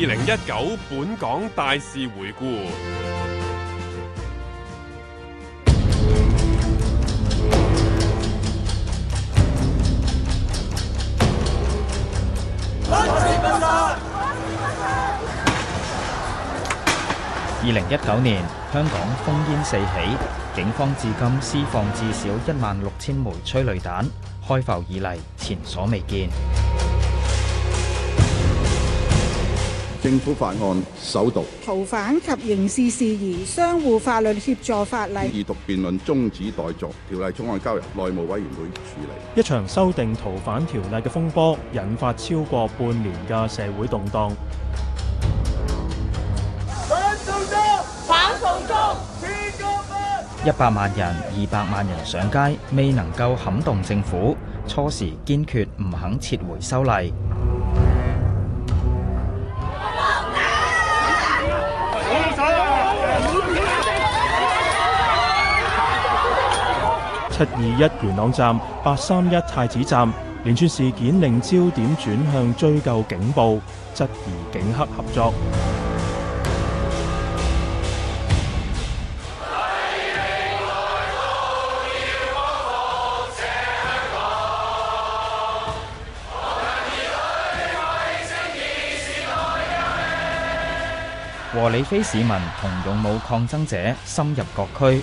二零一九本港大事回顧。二零一九年，香港烽煙四起，警方至今施放至少一萬六千枚催淚彈，開埠以嚟前所未見。政府法案首讀，逃犯及刑事事宜相互法律協助法例二讀辯論終止待續條例草案交由內務委員會處理。一場修訂逃犯條例嘅風波，引發超過半年嘅社會動盪。反一百萬人、二百萬人上街，未能夠撼動政府，初時堅決唔肯撤回修例。七二一元朗站、八三一太子站連串事件令焦點轉向追究警暴，質疑警黑合作。 和理非市民同勇武抗爭者深入各區。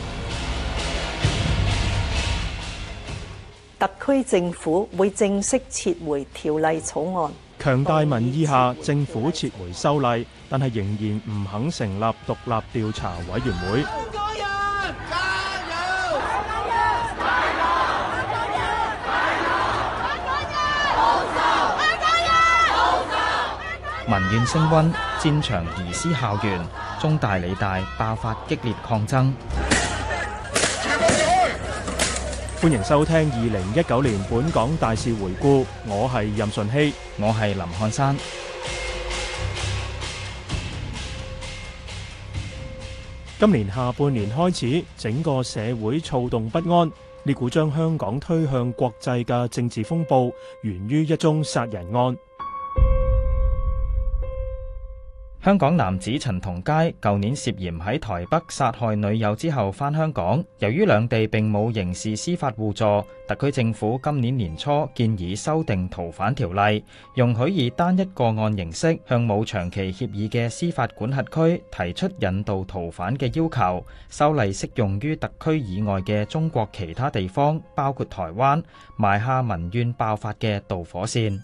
區政府會正式撤回條例草案。強大民意下，政府撤回修例，但係仍然唔肯成立獨立調查委員會。民怨升溫，戰場移師校園，中大、理大大爆發激烈抗爭。歡迎收聽二零一九年本港大事回顧，我係任順熙，我係林漢山。今年下半年開始，整個社會躁動不安，呢股將香港推向國際嘅政治風暴，源於一宗殺人案。香港男子陳同佳舊年涉嫌喺台北殺害女友之後翻香港，由於兩地並冇刑事司法互助，特區政府今年年初建議修訂逃犯條例，容許以單一個案形式向冇長期協議嘅司法管轄區提出引渡逃犯嘅要求，修例適用於特區以外嘅中國其他地方，包括台灣，埋下民怨爆發嘅導火線。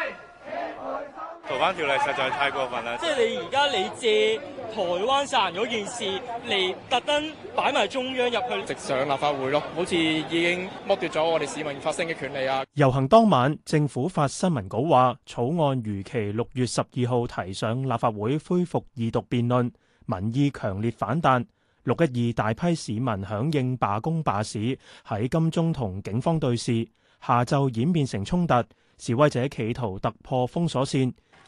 台灣條例實在太過分啦！即係你而家你借台灣殺人嗰件事嚟特登擺埋中央入去，直上立法會咯，好似已經剝奪咗我哋市民發聲嘅權利啊！遊行當晚，政府發新聞稿話草案如期六月十二號提上立法會，恢復二讀辯論。民意強烈反彈，六一二大批市民響應罷工罷市，喺金鐘同警方對峙，下晝演變成衝突，示威者企圖突破封鎖線。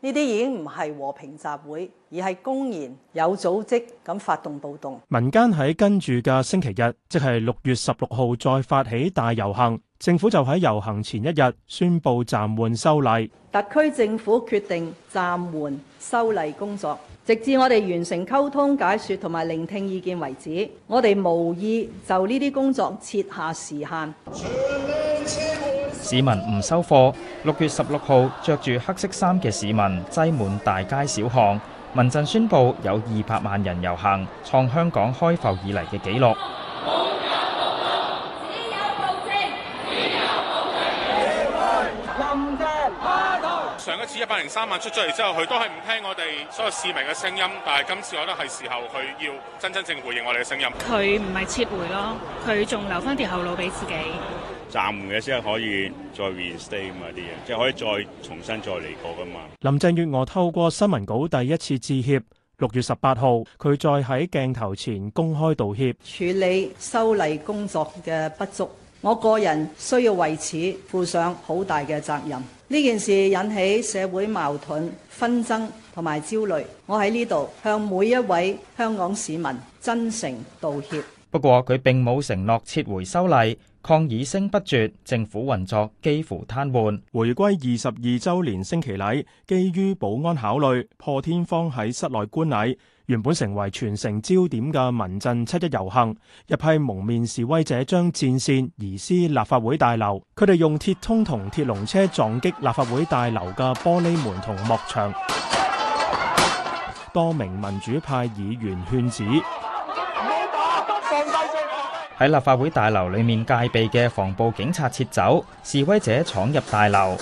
呢啲已經唔係和平集會，而係公然有組織咁發動暴動。民間喺跟住嘅星期日，即係六月十六號再發起大遊行，政府就喺遊行前一日宣布暫緩修例。特區政府決定暫緩修例工作，直至我哋完成溝通解説同埋聆聽意見為止。我哋無意就呢啲工作設下時限。市民唔收貨。六月十六號，着住黑色衫嘅市民擠滿大街小巷。民陣宣佈有二百萬人遊行，創香港開埠以嚟嘅紀錄。上一次一百零三萬出咗嚟之後，佢都係唔聽我哋所有市民嘅聲音，但係今次我覺得係時候佢要真真正正回應我哋嘅聲音。佢唔係撤回咯，佢仲留翻條後路俾自己。暫緩嘅先可以再 restate 嘛，啲嘢，即係可以再重新再嚟過噶嘛。林鄭月娥透過新聞稿第一次致歉。六月十八號，佢再喺鏡頭前公開道歉，處理修例工作嘅不足，我個人需要為此負上好大嘅責任。呢件事引起社會矛盾、紛爭同埋焦慮，我喺呢度向每一位香港市民真誠道歉。不過佢並冇承諾撤回修例。抗議聲不絕，政府運作幾乎癱瘓。回歸二十二周年升旗禮，基於保安考慮，破天荒喺室內觀禮。原本成為全城焦點嘅民陣七一遊行，一批蒙面示威者將戰線移師立法會大樓。佢哋用鐵通同鐵籠車撞擊立法會大樓嘅玻璃門同幕牆。多名民主派議員勸止。喺立法會大樓裏面戒備嘅防暴警察撤走，示威者闖入大樓，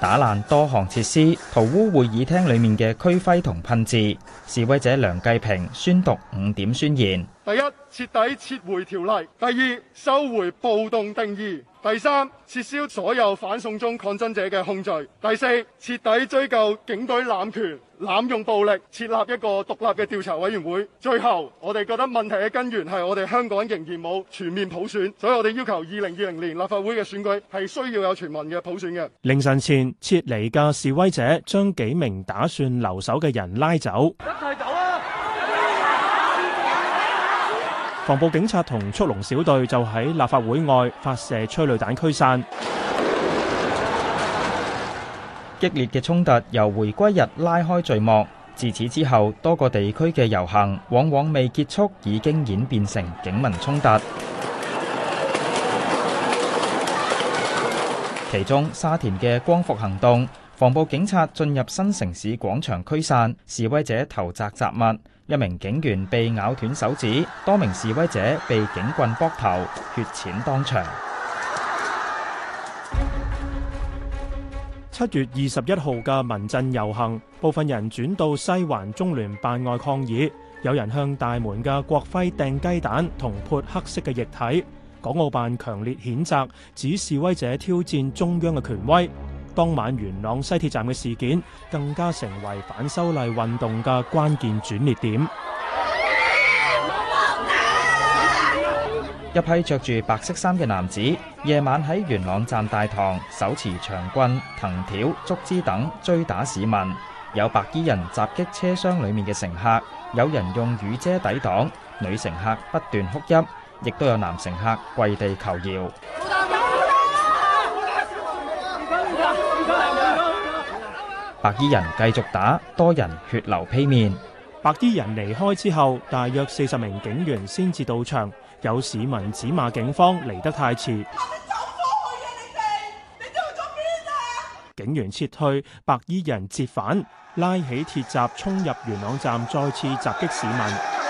打爛多項設施，塗污會議廳裏面嘅區徽同噴字。示威者梁繼平宣讀五點宣言：第一，徹底撤回條例；第二，收回暴動定義。第三，撤銷所有反送中抗爭者嘅控罪。第四，徹底追究警隊濫權、濫用暴力，設立一個獨立嘅調查委員會。最後，我哋覺得問題嘅根源係我哋香港仍然冇全面普選，所以我哋要求二零二零年立法會嘅選舉係需要有全民嘅普選嘅。凌晨前撤離嘅示威者將幾名打算留守嘅人拉走。防暴警察同速龍小隊就喺立法會外發射催淚彈驅散。激烈嘅衝突，由回歸日拉開序幕。自此之後，多個地區嘅遊行往往未結束已經演變成警民衝突。 其中沙田嘅光復行動，防暴警察進入新城市廣場驅散，示威者投擲雜物。一名警員被咬斷手指，多名示威者被警棍剝頭，血濺當場。七月二十一號嘅民陣遊行，部分人轉到西環中聯辦外抗議，有人向大門嘅國徽掟雞蛋同潑黑色嘅液體。港澳辦強烈譴責，指示威者挑戰中央嘅權威。當晚元朗西鐵站嘅事件，更加成為反修例運動嘅關鍵轉捩點。一批著住白色衫嘅男子，夜晚喺元朗站大堂手持長棍、藤條、竹枝等追打市民，有白衣人襲擊車廂裡面嘅乘客，有人用雨遮抵擋，女乘客不斷哭泣，亦都有男乘客跪地求饒。白衣人繼續打，多人血流披面。白衣人離開之後，大約四十名警員先至到場。有市民指罵警方嚟得太遲。快啲走開啊！你哋，你哋去咗邊啊？警員撤退，白衣人折返，拉起鐵閘，衝入元朗站，再次襲擊市民。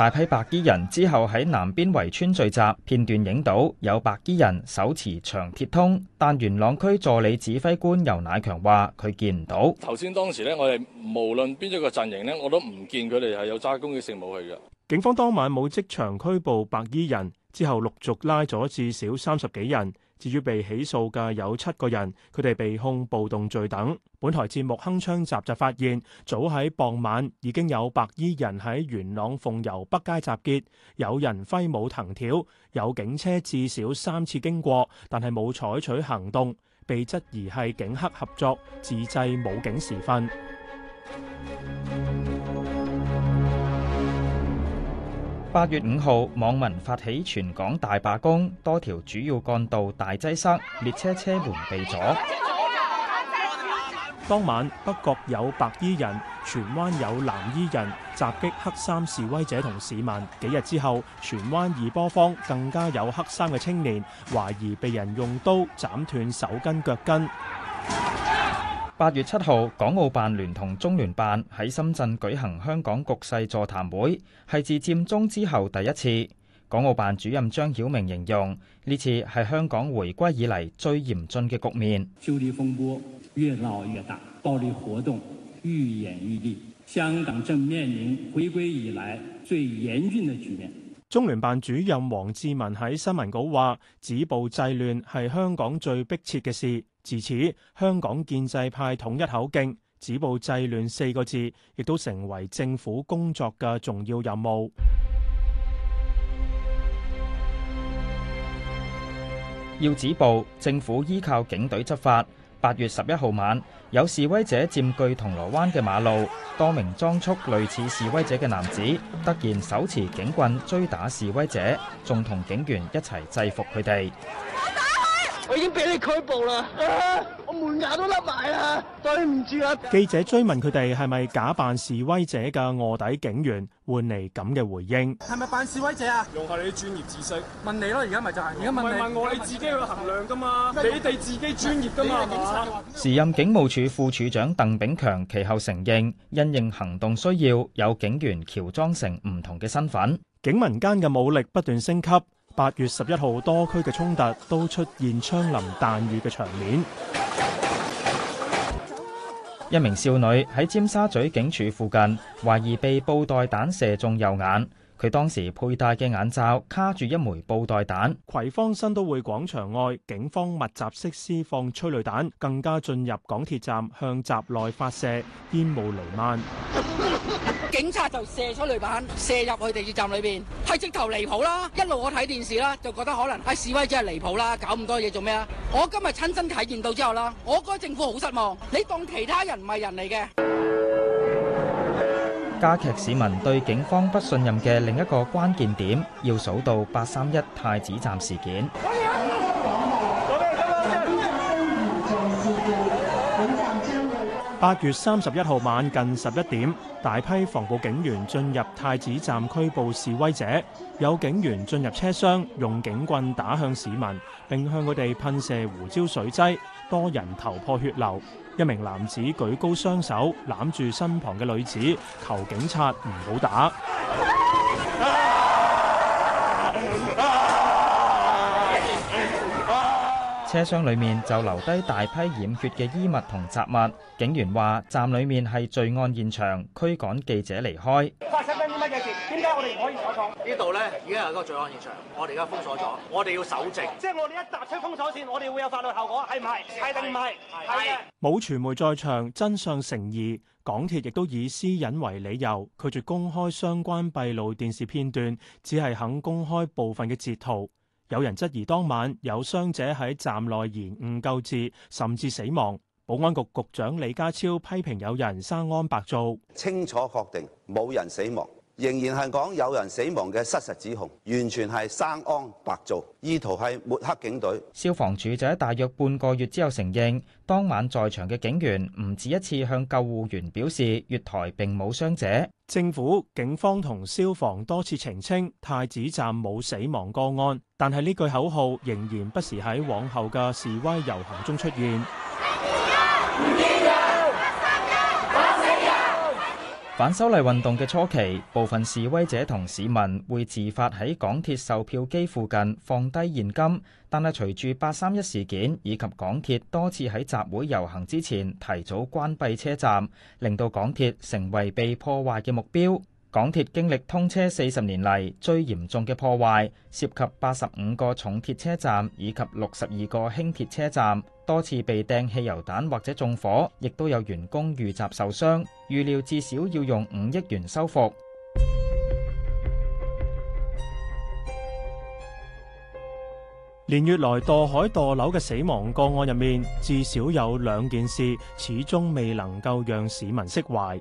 大批白衣人之後喺南邊圍村聚集，片段影到有白衣人手持長鐵通，但元朗區助理指揮官游乃強話：佢見唔到。頭先當時咧，我哋無論邊一個陣營呢，我都唔見佢哋係有揸攻擊性武器嘅。警方當晚冇即場拘捕白衣人，之後陸續拉咗至少三十幾人。至於被起訴嘅有七個人，佢哋被控暴動罪等。本台節目《鏗鏘集》就發現，早喺傍晚已經有白衣人喺元朗鳳攸北街集結，有人揮舞藤條，有警車至少三次經過，但係冇採取行動，被質疑係警黑合作，自製無警時分。八月五號，網民發起全港大罷工，多條主要幹道大擠塞，列車車門被阻。當晚北角有白衣人，荃灣有藍衣人襲擊黑衫示威者同市民。幾日之後，荃灣二陂坊更加有黑衫嘅青年，懷疑被人用刀斬斷手筋腳筋。八月七號，港澳辦聯同中聯辦喺深圳舉行香港局勢座談會，係自佔中之後第一次。港澳辦主任張曉明形容，呢次係香港回歸以嚟最嚴峻嘅局面。修例風波越鬧越大，暴力活動愈演愈烈，香港正面臨回歸以來最嚴峻嘅局面。中聯辦主任黃志文喺新聞稿話：止暴制亂係香港最迫切嘅事。自此，香港建制派統一口徑，止暴制亂四個字亦都成為政府工作嘅重要任務。要止暴，政府依靠警隊執法。八月十一號晚，有示威者佔據銅鑼灣嘅馬路，多名裝束類似示威者嘅男子突然手持警棍追打示威者，仲同警員一齊制服佢哋。我已經俾你拘捕啦！我門牙都甩埋啦，對唔住啦。記者追問佢哋係咪假扮示威者嘅臥底警員，換嚟咁嘅回應。係咪扮示威者啊？用下你啲專業知識問你咯，而家咪就係而家問你。唔係問我，你自己去衡量噶嘛？你哋自己專業噶嘛？時任警務處副處長鄧炳強其後承認，因應行動需要，有警員喬裝成唔同嘅身份。警民間嘅武力不斷升級。八月十一號，多區嘅衝突都出現槍林彈雨嘅場面。一名少女喺尖沙咀警署附近，懷疑被布袋彈射中右眼，佢當時佩戴嘅眼罩卡住一枚布袋彈。葵芳新都會廣場外，警方密集式施放催淚彈，更加進入港鐵站向閘內發射，煙霧瀰漫。 警察就射出雷板，射入去地鐵站裏邊，係直頭離譜啦！一路我睇電視啦，就覺得可能係示威者係離譜啦，搞咁多嘢做咩啊？我今日親身體驗到之後啦，我對政府好失望。你當其他人唔係人嚟嘅？加劇市民對警方不信任嘅另一個關鍵點，要數到八三一太子站事件。八月三十一號晚近十一點，大批防暴警員進入太子站拘捕示威者，有警員進入車廂用警棍打向市民，並向佢哋噴射胡椒水劑，多人頭破血流。一名男子舉高雙手攬住身旁嘅女子，求警察唔好打。車廂裡面就留低大批染血嘅衣物同雜物。警員話：站裡面係罪案現場，驅趕記者離開。發生緊啲乜嘢事？點解我哋唔可以採訪？呢度咧已經係一個罪案現場，我哋而家封鎖咗，我哋要搜證。即係我哋一踏出封鎖線，我哋會有法律效果，係唔係？係定唔係？係。冇傳媒在場，真相成疑。港鐵亦都以私隱為理由，拒絕公開相關閉路電視片段，只係肯公開部分嘅截圖。有人質疑當晚有傷者喺站內延誤救治，甚至死亡。保安局局長李家超批評有人生安白做，清楚確定冇人死亡。仍然係講有人死亡嘅失實指控，完全係生安白做，意圖係抹黑警隊。消防處就喺大約半個月之後承認，當晚在場嘅警員唔止一次向救護員表示，月台並冇傷者。政府、警方同消防多次澄清太子站冇死亡個案，但係呢句口號仍然不時喺往後嘅示威遊行中出現。 反修例運動嘅初期，部分示威者同市民會自發喺港鐵售票機附近放低現金，但係隨住八三一事件以及港鐵多次喺集會遊行之前提早關閉車站，令到港鐵成為被破壞嘅目標。港鐵經歷通車四十年嚟最嚴重嘅破壞，涉及八十五個重鐵車站以及六十二個輕鐵車站。多次被掟汽油彈或者縱火，亦都有員工遇襲受傷，預料至少要用五億元修復。連月來墮海墮樓嘅死亡個案入面，至少有兩件事始終未能夠讓市民釋懷。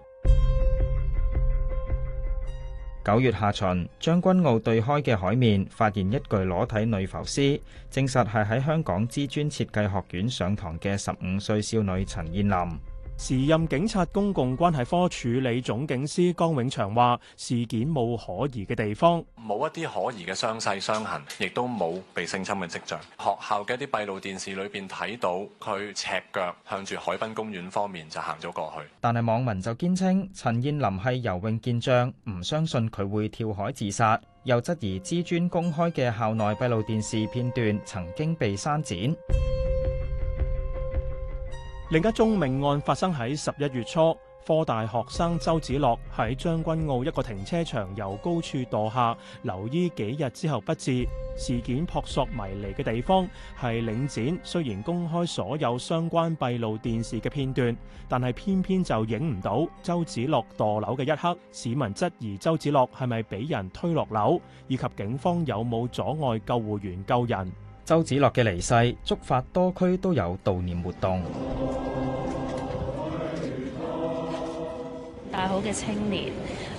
九月下旬，將軍澳對開嘅海面發現一具裸體女浮屍，證實係喺香港知專設計學院上堂嘅十五歲少女陳彥霖。時任警察公共關係科處理總警司江永祥話：事件冇可疑嘅地方，冇一啲可疑嘅傷勢傷痕，亦都冇被性侵嘅跡象。學校嘅一啲閉路電視裏邊睇到佢赤腳向住海濱公園方面就行咗過去。但係網民就堅稱陳彥霖係游泳健將，唔相信佢會跳海自殺，又質疑知專公開嘅校內閉路電視片段曾經被刪剪。另一宗命案發生喺十一月初，科大學生周子樂喺將軍澳一個停車場由高處墮下，留醫幾日之後不治。事件撲朔迷離嘅地方係領展，雖然公開所有相關閉路電視嘅片段，但係偏偏就影唔到周子樂墮樓嘅一刻。市民質疑周子樂係咪俾人推落樓，以及警方有冇阻礙救護員救人。周梓樂嘅離世，觸發多區都有悼念活動。大好嘅青年，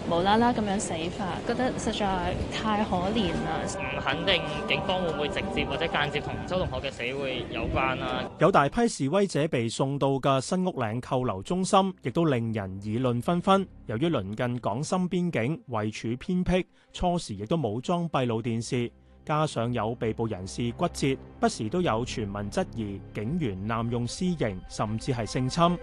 無啦啦咁樣死法，覺得實在太可憐啦。唔肯定警方會唔會直接或者間接同周同學嘅死會有關啊？有大批示威者被送到嘅新屋嶺扣留中心，亦都令人議論紛紛。由於鄰近港深邊境，位處偏僻，初時亦都冇裝閉路電視。加上有被捕人士骨折，不時都有傳聞，質疑警員濫用私刑，甚至係性侵。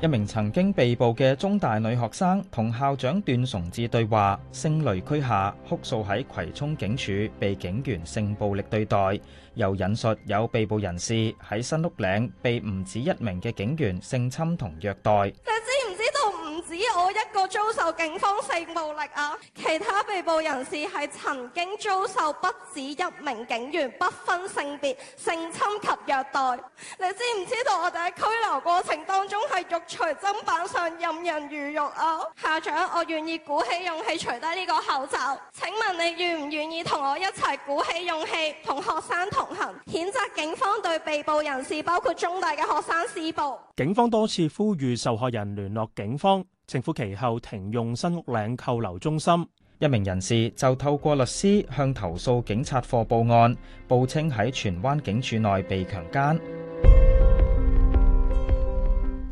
一名曾經被捕嘅中大女學生同校長段崇智對話，聲淚俱下，哭訴喺葵涌警署被警員性暴力對待，又引述有被捕人士喺新屋嶺被唔止一名嘅警員性侵同虐待。你知唔知道？唔止我一個遭受警方性暴力啊！其他被捕人士係曾經遭受不止一名警員不分性別性侵及虐待。你知唔知道我哋喺拘留過程當中係肉隨砧板上任人魚肉啊？校長，我願意鼓起勇氣除低呢個口罩。請問你願唔願意同我一齊鼓起勇氣同學生同行，譴責警方對被捕人士，包括中大嘅學生施暴？警方多次呼籲受害人聯絡警方。政府其後停用新屋嶺扣留中心，一名人士就透過律師向投訴警察課報案，報稱喺荃灣警署內被強姦。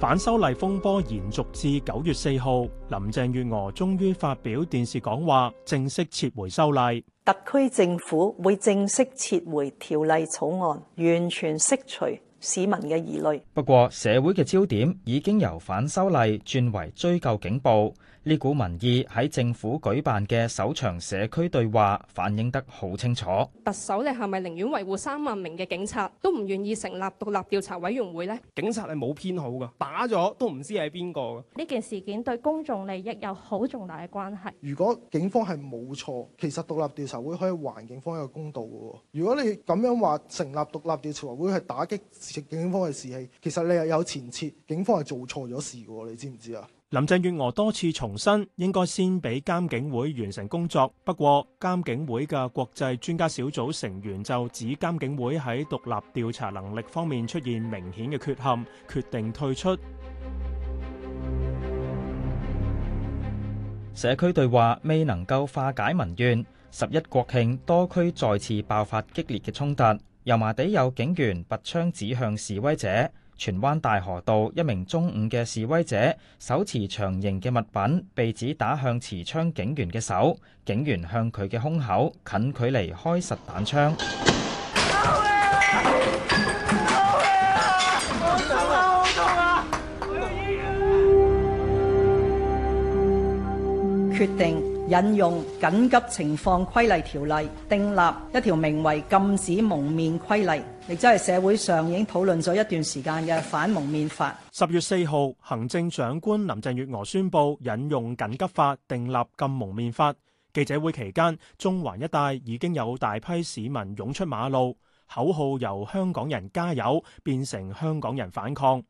反修例風波延續至九月四號，林鄭月娥終於發表電視講話，正式撤回修例。特區政府會正式撤回條例草案，完全釋除。市民嘅疑慮，不過社會嘅焦點已經由反修例轉為追究警暴。呢股民意喺政府舉辦嘅首場社區對話反映得好清楚。特首你係咪寧願維護三萬名嘅警察，都唔願意成立獨立調查委員會咧？警察係冇編號噶，打咗都唔知係邊個噶。呢件事件對公眾利益有好重大嘅關係。如果警方係冇錯，其實獨立調查會可以還警方一個公道噶。如果你咁樣話成立獨立調查會係打擊警方嘅士氣，其實你又有前設，警方係做錯咗事噶，你知唔知啊？林鄭月娥多次重申，應該先俾監警會完成工作。不過，監警會嘅國際專家小組成員就指，監警會喺獨立調查能力方面出現明顯嘅缺陷，決定退出。社區對話未能夠化解民怨。十一國慶，多區再次爆發激烈嘅衝突，油麻地有警員拔槍指向示威者。荃灣大河道，一名中午嘅示威者手持長形嘅物品，被指打向持槍警員嘅手，警員向佢嘅胸口近距離開實彈槍。引用緊急情況規例條例訂立一條名為禁止蒙面規例，亦即係社會上已經討論咗一段時間嘅反蒙面法。十月四號行政長官林鄭月娥宣布引用緊急法訂立禁蒙面法，記者會期間中環一帶已經有大批市民湧出馬路，口號由香港人加油變成香港人反抗。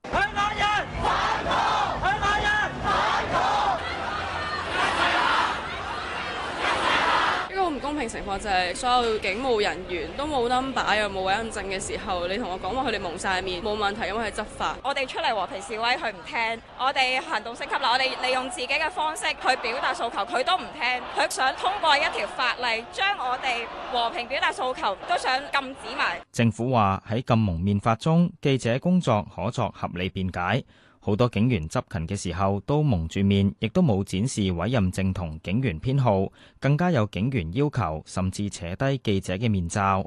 公平情況就係所有警務人員都冇 number，又冇委任證嘅時候，你同我講話佢哋蒙晒面冇問題，因為佢執法。我哋出嚟和平示威，佢唔聽，我哋行動升級啦，我哋利用自己嘅方式去表達訴求，佢都唔聽。佢想通過一條法例將我哋和平表達訴求都想禁止埋。政府話喺禁蒙面法中，記者工作可作合理辯解。好多警員執勤嘅時候都蒙住面，亦都冇展示委任證同警員編號，更加有警員要求，甚至扯低記者嘅面罩。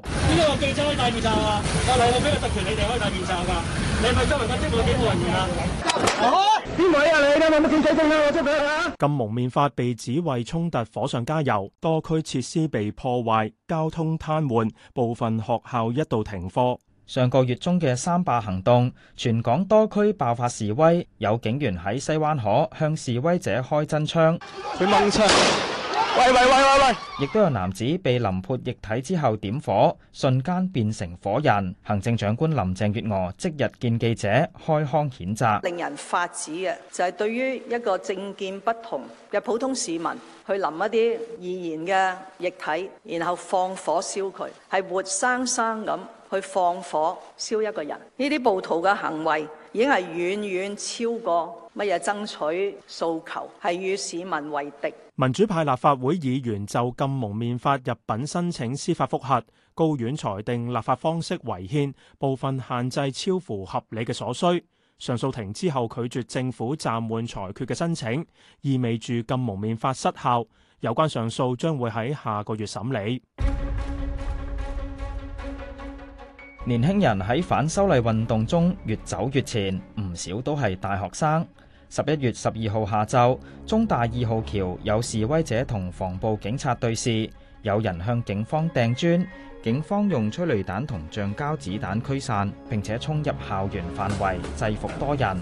上個月中嘅三罷行動，全港多區爆發示威，有警員喺西灣河向示威者開真槍。佢掹槍。喂喂喂喂喂！亦都有男子被淋潑液體之後點火，瞬間變成火人。行政長官林鄭月娥即日見記者開腔譴責，令人發指嘅就係、是、對於一個政見不同嘅普通市民去淋一啲易燃嘅液體，然後放火燒佢，係活生生咁去放火燒一個人。呢啲暴徒嘅行為。已經係遠遠超過乜嘢爭取訴求，係與市民為敵。民主派立法會議員就禁蒙面法入稟申請司法覆核，高院裁定立法方式違憲，部分限制超乎合理嘅所需。上訴庭之後拒絕政府暫緩裁決嘅申請，意味住禁蒙面法失效。有關上訴將會喺下個月審理。年輕人喺反修例運動中越走越前，唔少都係大學生。十一月十二號下晝，中大二號橋有示威者同防暴警察對峙，有人向警方掟磚，警方用催淚彈同橡膠子彈驅散，並且衝入校園範圍制服多人。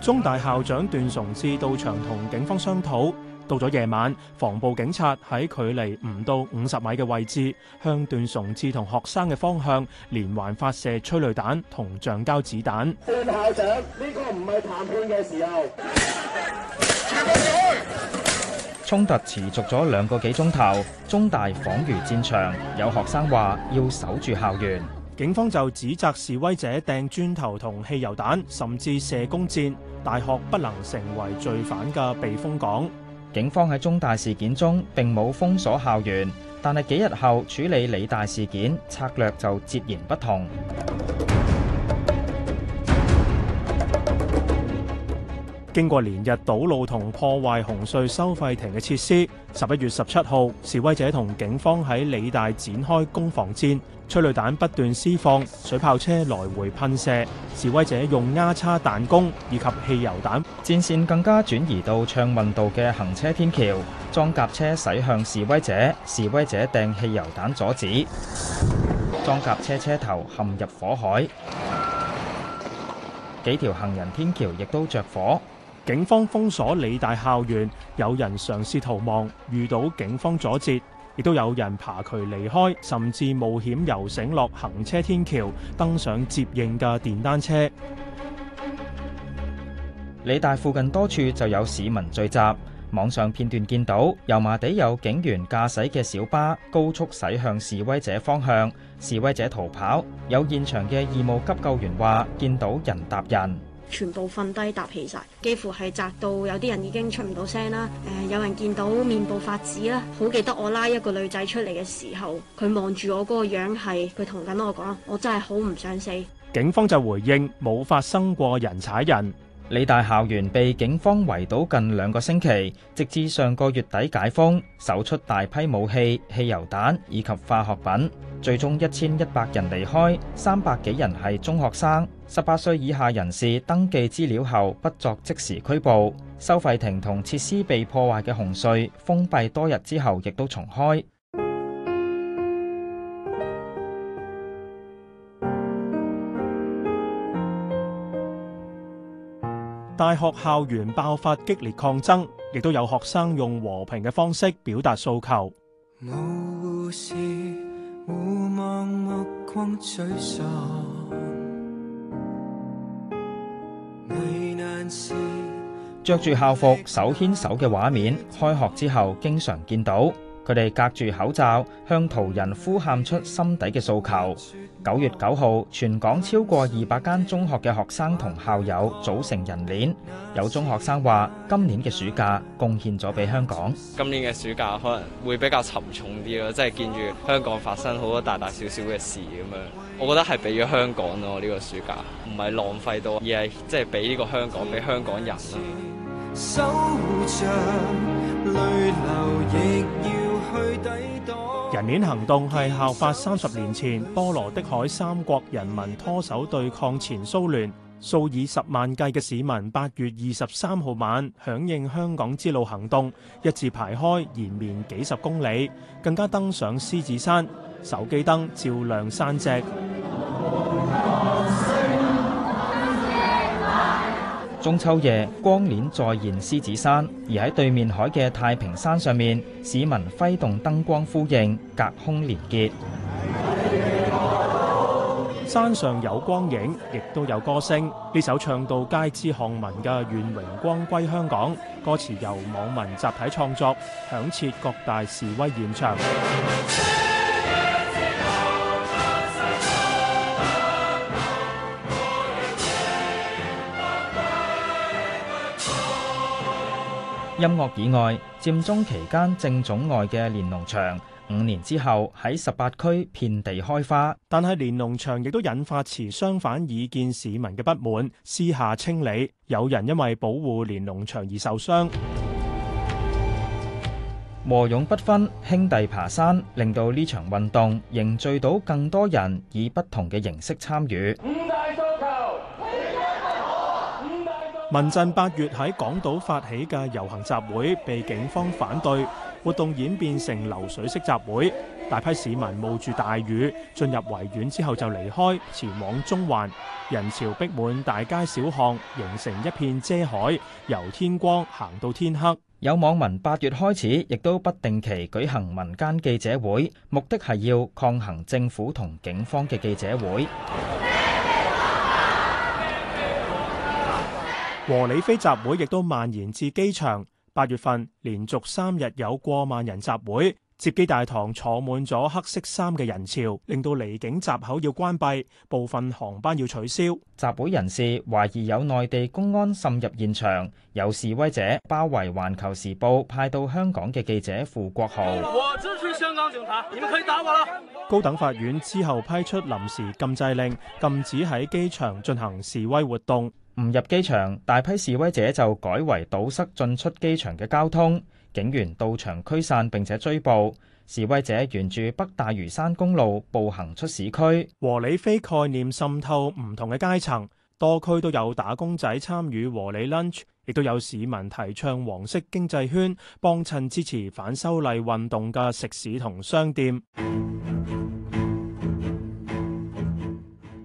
中大校長段崇智到場同警方商討。到咗夜晚，防暴警察喺距離唔到五十米嘅位置，向段崇智同學生嘅方向連環發射催淚彈同橡膠子彈。段校長，呢個唔係談判嘅時候。衝突持續咗兩個幾鐘頭，中大仿如戰場。有學生話要守住校園，警方就指責示威者掟磚頭同汽油彈，甚至射弓箭。大學不能成為罪犯嘅避風港。警方喺中大事件中並冇封鎖校園，但係幾日後處理理大事件策略就截然不同。經過連日堵路同破壞紅隧收費亭嘅設施，十一月十七號，示威者同警方喺理大展開攻防戰，催淚彈不斷施放，水炮車來回噴射，示威者用丫叉、彈弓以及汽油彈。戰線更加轉移到暢運道嘅行車天橋，裝甲車駛向示威者，示威者掟汽油彈阻止，裝甲車車頭陷入火海，幾條行人天橋亦都着火。警方封鎖理大校園，有人嘗試逃亡，遇到警方阻截，亦都有人爬渠離開，甚至冒險游繩落行車天橋，登上接應嘅電單車。理大附近多處就有市民聚集，網上片段見到油麻地有警員駕駛嘅小巴高速駛向示威者方向，示威者逃跑。有現場嘅義務急救員話見到人搭人。全部瞓低搭起晒，幾乎係窄到有啲人已經出唔到聲啦。誒、呃，有人見到面部發紫啦，好記得我拉一個女仔出嚟嘅時候，佢望住我嗰個樣係佢同緊我講，我真係好唔想死。警方就回應冇發生過人踩人。理大校園被警方圍堵近兩個星期，直至上個月底解封，搜出大批武器、汽油彈以及化學品，最終一千一百人離開，三百幾人係中學生。十八歲以下人士登記資料後，不作即時拘捕。收費亭同設施被破壞嘅紅隧封閉多日之後，亦都重開。 大學校園爆發激烈抗爭，亦都有學生用和平嘅方式表達訴求。無着住校服手牽手嘅畫面，開學之後經常見到。佢哋隔住口罩向途人呼喊出心底嘅訴求。九月九號，全港超過二百間中學嘅學生同校友組成人鏈。有中學生話：今年嘅暑假貢獻咗俾香港。今年嘅暑假可能會比較沉重啲咯，即係見住香港發生好多大大小小嘅事咁樣。我覺得係俾咗香港咯，呢個暑假唔係浪費到，而係即係俾呢個香港俾香港人啦。人鏈行動係效法三十年前波羅的海三國人民拖手對抗前蘇聯，數以十萬計嘅市民八月二十三號晚響應香港之路行動，一字排開，延綿幾十公里，更加登上獅子山，手機燈照亮山脊。中秋夜，光鏈再現獅子山，而喺對面海嘅太平山上面，市民揮動燈光呼應，隔空連結。山上有光影，亦都有歌聲。呢首唱到街知巷聞嘅《願榮光歸香港》，歌詞由網民集體創作，響徹各大示威現場。音樂以外，佔中期間政總外嘅連儂牆，五年之後喺十八區遍地開花。但係連儂牆亦都引發持相反意見市民嘅不滿，私下清理，有人因為保護連儂牆而受傷。和勇不分，兄弟爬山，令到呢場運動凝聚到更多人以不同嘅形式參與。民陣八月喺港島發起嘅遊行集會被警方反對，活動演變成流水式集會，大批市民冒住大雨進入維園之後就離開，前往中環，人潮逼滿大街小巷，形成一片遮海，由天光行到天黑。有網民八月開始亦都不定期舉行民間記者會，目的係要抗衡政府同警方嘅記者會。和理非集會亦都蔓延至機場，八月份連續三日有過萬人集會，接機大堂坐滿咗黑色衫嘅人潮，令到離境閘口要關閉，部分航班要取消。集會人士懷疑有內地公安滲入現場，有示威者包圍環球時報派到香港嘅記者傅國豪。我支持香港警察，你們可以打我啦。高等法院之後批出臨時禁制令，禁止喺機場進行示威活動。唔入機場，大批示威者就改為堵塞進出機場嘅交通，警員到場驅散並且追捕示威者，沿住北大嶼山公路步行出市區。和理非概念滲透唔同嘅階層，多區都有打工仔參與和理 lunch，亦都有市民提倡黃色經濟圈幫襯支持反修例運動嘅食肆同商店。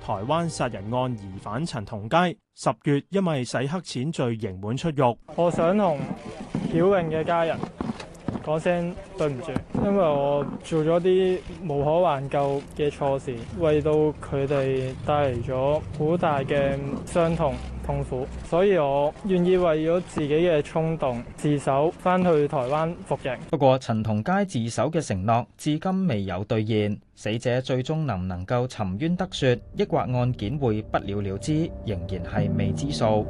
台灣殺人案疑犯陳同佳，十月因為洗黑錢罪刑滿出獄。我想同曉穎嘅家人講聲對唔住，因為我做咗啲無可挽救嘅錯事，為到佢哋帶嚟咗好大嘅傷痛。痛苦，所以我願意為咗自己嘅衝動自首，翻去台灣服刑。不過，陳同佳自首嘅承諾至今未有兌現，死者最終能唔能夠沉冤得雪，抑或案件會不了了之，仍然係未知數。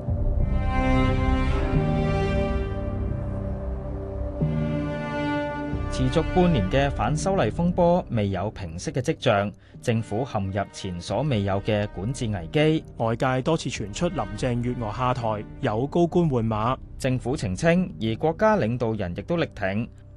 持續半年嘅反修例風波未有平息嘅跡象，政府陷入前所未有嘅管治危機。外界多次傳出林鄭月娥下台，有高官換馬。政府澄清，而國家領導人亦都力挺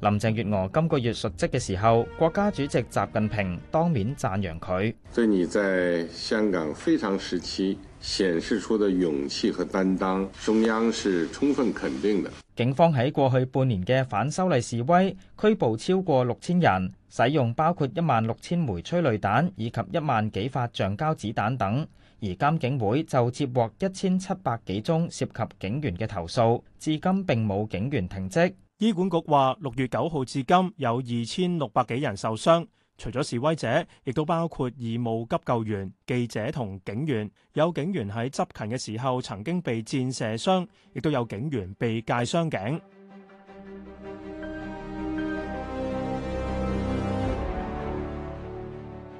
林鄭月娥。今個月述職嘅時候，國家主席習近平當面讚揚佢。在你在香港非常時期。顯示出的勇氣和擔當，中央是充分肯定的。警方喺過去半年嘅反修例示威，拘捕超過六千人，使用包括一萬六千枚催淚彈以及一萬幾發橡膠子彈等，而監警會就接獲一千七百幾宗涉及警員嘅投訴，至今並冇警員停職。醫管局話，六月九號至今有二千六百幾人受傷。除咗示威者，亦都包括義務急救員、記者同警員。有警員喺執勤嘅時候曾經被箭射傷，亦都有警員被鎅傷頸。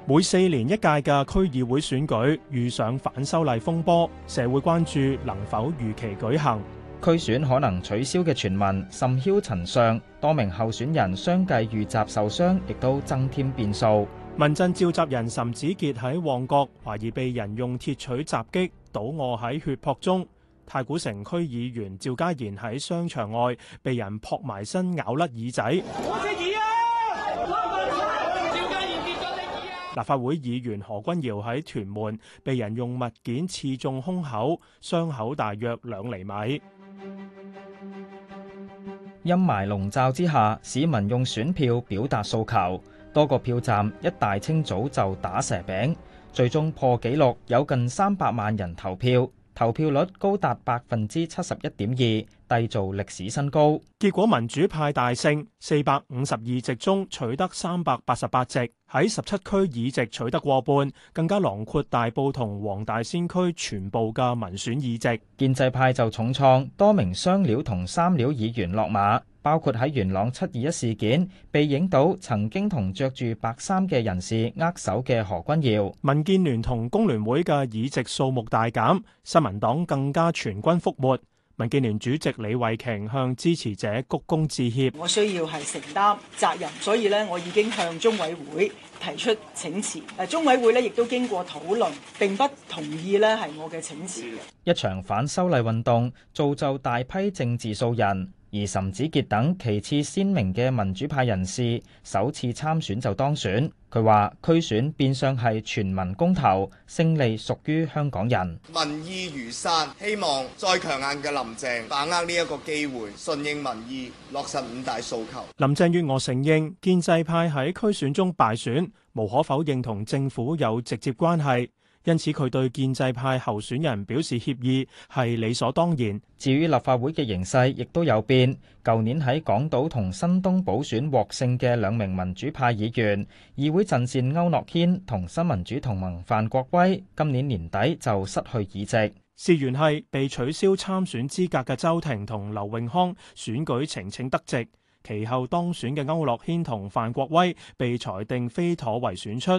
每四年一屆嘅區議會選舉遇上反修例風波，社會關注能否如期舉行。區選可能取消嘅傳聞甚囂塵上，多名候選人相繼遇襲受傷，亦都增添變數。民陣召集人岑子傑喺旺角懷疑被人用鐵錘襲擊，倒卧喺血泊中。太古城區議員趙家賢喺商場外被人撲埋身咬甩耳仔。立法會議員何君堯喺屯門被人用物件刺中胸口，傷口大約兩厘米。陰霾籠罩之下，市民用選票表達訴求。多個票站一大清早就打蛇餅，最終破紀錄，有近三百萬人投票，投票率高達百分之七十一點二。締造歷史新高，結果民主派大勝，四百五十二席中取得三百八十八席，喺十七區議席取得過半，更加囊括大埔同黃大仙區全部嘅民選議席。建制派就重創，多名雙料同三料議員落馬，包括喺元朗七二一事件被影到曾經同着住白衫嘅人士握手嘅何君堯。民建聯同工聯會嘅議席數目大減，新民黨更加全軍覆沒。民建聯主席李慧瓊向支持者鞠躬致歉，我需要係承擔責任，所以咧我已經向中委會提出請辭。誒，中委會咧亦都經過討論，並不同意咧係我嘅請辭。一場反修例運動，造就大批政治素人。而岑子杰等其次鮮明嘅民主派人士首次參選就當選，佢話區選變相係全民公投，勝利屬於香港人。民意如山，希望再強硬嘅林鄭把握呢一個機會，順應民意，落實五大訴求。林鄭月娥承認建制派喺區選中敗選，無可否認同政府有直接關係。因此佢對建制派候選人表示歉意係理所當然。至於立法會嘅形勢亦都有變，舊年喺港島同新東補選獲勝嘅兩名民主派議員，議會陣線歐諾軒同新民主同盟范國威，今年年底就失去議席。事緣係被取消參選資格嘅周庭同劉永康，選舉澄清得直，其後當選嘅歐諾軒同范國威被裁定非妥為選出。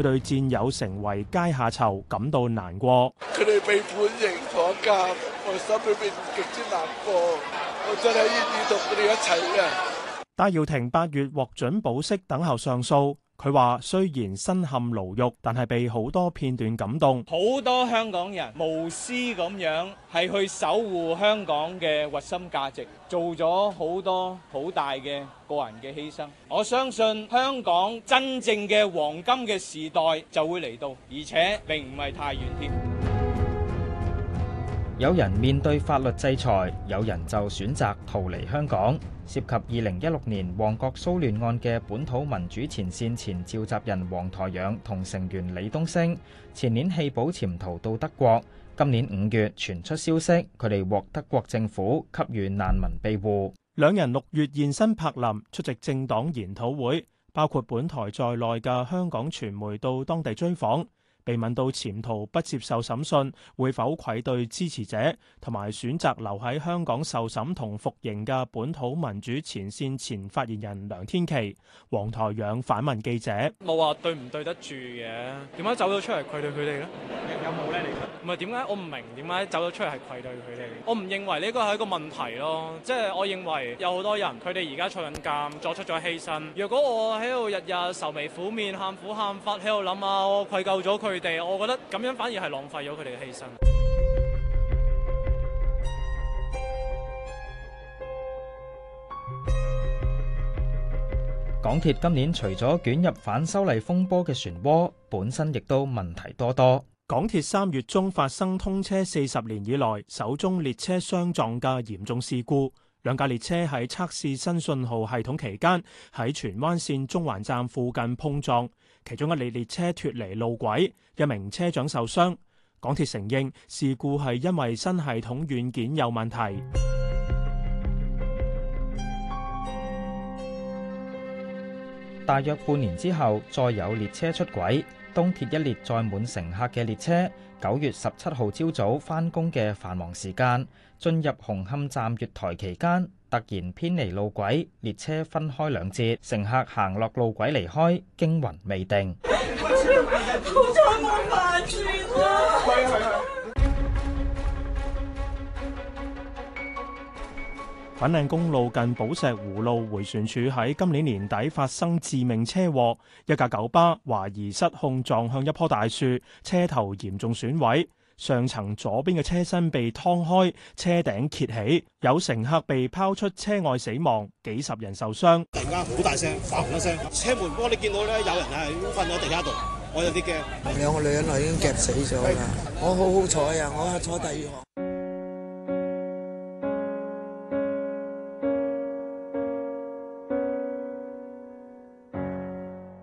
佢對戰友成為階下囚感到難過，佢哋被判刑坐監，我心裏邊極之難過，我真係願意同佢哋一齊嘅。戴耀廷八月獲准保釋等候上訴。佢話：雖然身陷牢獄，但係被好多片段感動。好多香港人無私咁樣係去守護香港嘅核心價值，做咗好多好大嘅個人嘅犧牲。我相信香港真正嘅黃金嘅時代就會嚟到，而且並唔係太遠添。有人面對法律制裁，有人就選擇逃離香港。涉及二零一六年旺角騷亂案嘅本土民主前線前召集人黃台仰同成員李東升，前年棄保潛逃到德國，今年五月傳出消息，佢哋獲德國政府給予難民庇護，兩人六月現身柏林出席政黨研討會，包括本台在內嘅香港傳媒到當地追訪。被問到潛逃、不接受審訊，會否愧對支持者，同埋選擇留喺香港受審同服刑嘅本土民主前線前發言人梁天琦、黃台仰反問記者：冇話對唔對得住嘅，點解走咗出嚟愧對佢哋呢？有冇咧？你唔係點解？我唔明點解走咗出嚟係愧對佢哋。我唔認為呢個係一個問題咯，即係我認為有好多人佢哋而家坐緊監，作出咗犧牲。如果我喺度日日愁眉苦面、喊苦喊忽，喺度諗下我愧疚咗佢。佢哋，我覺得咁樣反而係浪費咗佢哋嘅犧牲。港鐵今年除咗捲入反修例風波嘅漩渦，本身亦都問題多多。港鐵三月中發生通車四十年以來首宗列車相撞嘅嚴重事故，兩架列車喺測試新信號系統期間，喺荃灣線中環站附近碰撞。其中一列列車脫離路軌，一名車長受傷。港鐵承認事故係因為新系統軟件有問題。大約半年之後，再有列車出軌，東鐵一列載滿乘客嘅列車。九月十七號朝早返工嘅繁忙時間，進入紅磡站月台期間，突然偏離路軌，列車分開兩截，乘客行落路軌離開，驚魂未定。粉嶺公路近寶石湖路回旋處喺今年年底發生致命車禍，一架九巴懷疑失控撞向一棵大樹，車頭嚴重損毀，上層左邊嘅車身被劏開，車頂揭起，有乘客被拋出車外死亡，幾十人受傷。突然間好大聲，嘭一聲，車門，玻璃見到咧，有人係瞓喺地下度，我有啲驚。有兩個女人係已經夾死咗啦，我好好彩啊，我係坐第二行。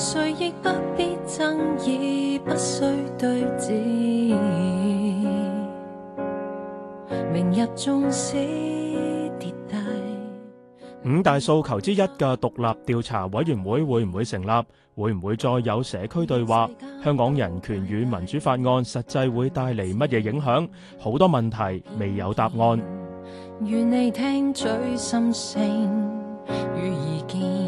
誰亦不必爭議，不需對峙。明日縱使跌低，五大訴求之一嘅獨立調查委員會會唔會成立？會唔會再有社區對話？香港人權與民主法案實際會帶嚟乜嘢影響？好多問題未有答案。願你聽最心聲與意見。